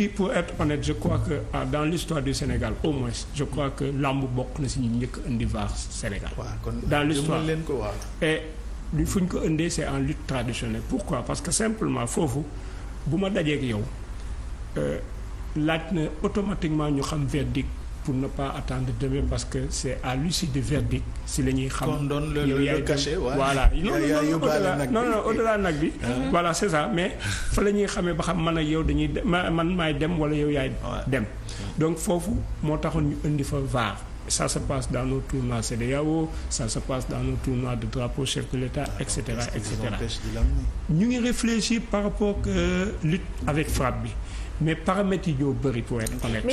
puis pour être honnête je crois que ah, dans l'histoire du Sénégal au moins je crois que lamb bokk na si ñu njëkk indi vaar Sénégal dans l'histoire et lu fu ñu ko indee c'est en lutte traditionnelle pourquoi parce que simplement foofu bu ma dajeek yow euh, laaj na automatiquement ñu xam verdict pour ne pas attendre demain parce que c'est à l'issue du verdict si la ñuy xam. qu'on donne le le cachet voilà non nag bi. Ah. voilà c'est mais fa la ñuy xamee ba xam man ak yow dañuy man maay dem wala yow yaay dem. donc foofu moo taxoon ñu indi fa vaar. ça se passe dans nos tournois CEDEAO ça se passe dans nos tournois de drapeau chef de l'État et cetera et cetera ñu ngi réfléchir par rapport que euh, lutte avec frappe bi mais paramètres yi ñoo bëri pour être honnête